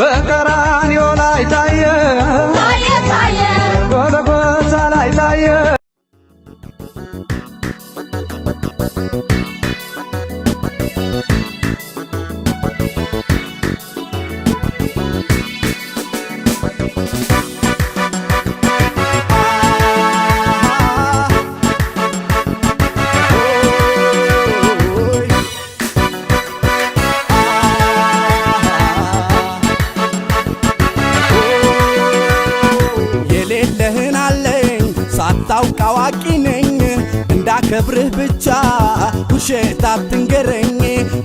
በቀራንዮ ላይ ታየ ታየ ጎልጎታ ላይ ታየ ሳታውቅ አዋቂ ነኝ እንዳከብርህ ብቻ ውሸት አትንገረኝ።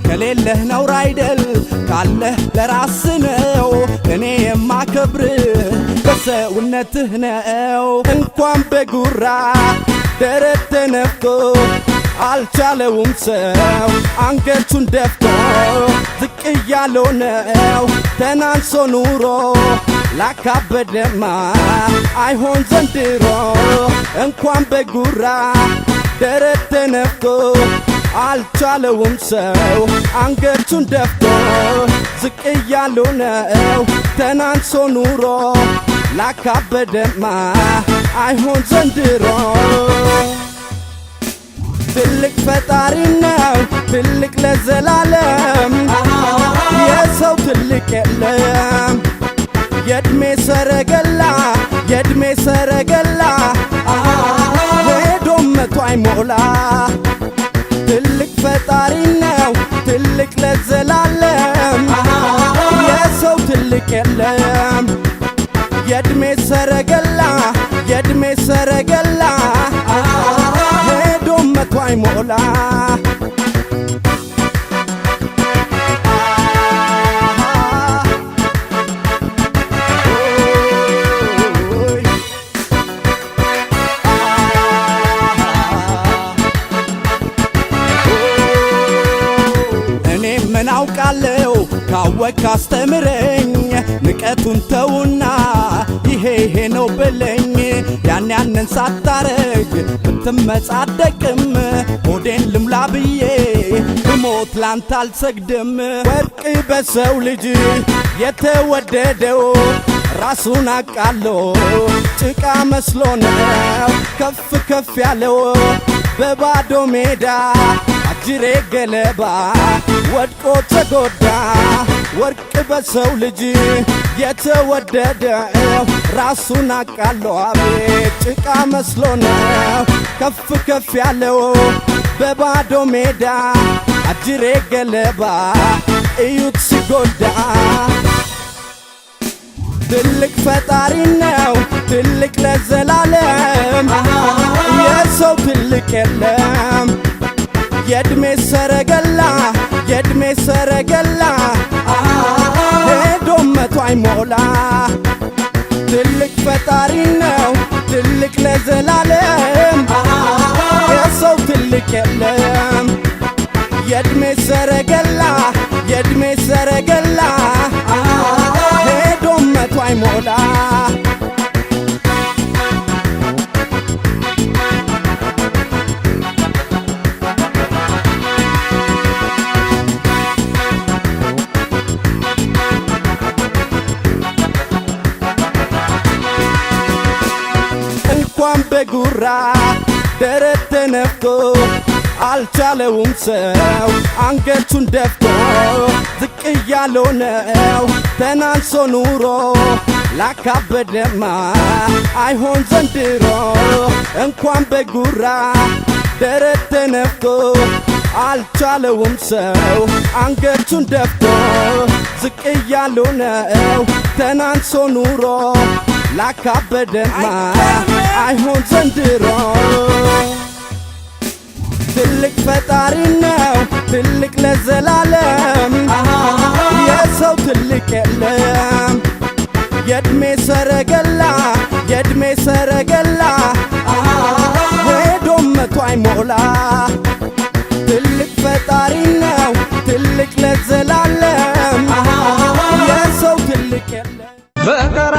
ከሌለህ ነውር አይደል ካለህ ለራስ ነው። እኔ የማከብርህ በሰውነትህ ነው። እንኳን በጉራ ደረት ተነፍቶ አልቻለውም ሰው አንገቱን ደፍቶ ዝቅ እያለው ነው ተናንሶ ኑሮ ላካበደማ አይሆን ዘንድሮ እንኳን በጉራ ደረት ተነፍቶ አልቻለውም ሰው አንገቱን ደፍቶ ዝቅ እያሉ ነው ተናንሶ ኑሮ ላካበደማ አይሆን ዘንድሮ ትልቅ ፈጣሪ ነው ትልቅ ለዘላለም ሰረገላ ሄዶም መቶ አይሞላ ትልቅ ፈጣሪ ነው ትልቅ ለዘላለም የሰው ትልቅ የለም የእድሜ ሰረገላ የእድሜ ሰረገላ ሄዶም መቶ አይሞላ አውቃለው ካወቅ አስተምረኝ ንቀቱን ተውና ይሄ ይሄ ነው ብለኝ ያን ያንን ሳታረግ ብትመጻደቅም ሆዴን ልምላ ብዬ ብሞት ላንተ አልሰግድም። ወርቅ በሰው ልጅ የተወደደው ራሱን አቃሎ ጭቃ መስሎ ነው ከፍ ከፍ ያለው በባዶ ሜዳ አጅሬ ገለባ ወድቆ ተጎዳ ወርቅ በሰው ልጅ የተወደደ ራሱን አቃሎ አቤት ጭቃ መስሎ ነው ከፍ ከፍ ያለው በባዶ ሜዳ አጅሬ ገለባ እዩት ሲጎዳ ትልቅ ፈጣሪ ነው ትልቅ ለዘላለም የሰው ትልቅ የለም የእድሜ ሰረገላ የእድሜ ሰረገላ ሄዶም መቶ አይሞላ ትልቅ ፈጣሪ ነው ትልቅ ለዘላለም የሰው ትልቅ የለም የእድሜ ሰረገላ የእድሜ ሰረገላ በጉራ ደረት ተነፍቶ አልቻለውም ሰው አንገቱን ደፍቶ ዝቅ እያለው ነው ተናንሶ ኑሮ ላካበደማ አይሆን ዘንድሮ እንኳን በጉራ ደረት ተነፍቶ አልቻለውም ሰው አንገቱን ደፍቶ ዝቅ እያለው ነው ተናንሶ ኑሮ ላካበደማ አይሆን ዘንድሮ ትልቅ ፈጣሪ ነው ትልቅ ለዘላለም የሰው ትልቅ የለም የእድሜ ሰረገላ የእድሜ ሰረገላ ሄዶ መቶ አይሞላ ትልቅ ፈጣሪ ነው ትልቅ ለዘላለም የሰው ትልቅ የለም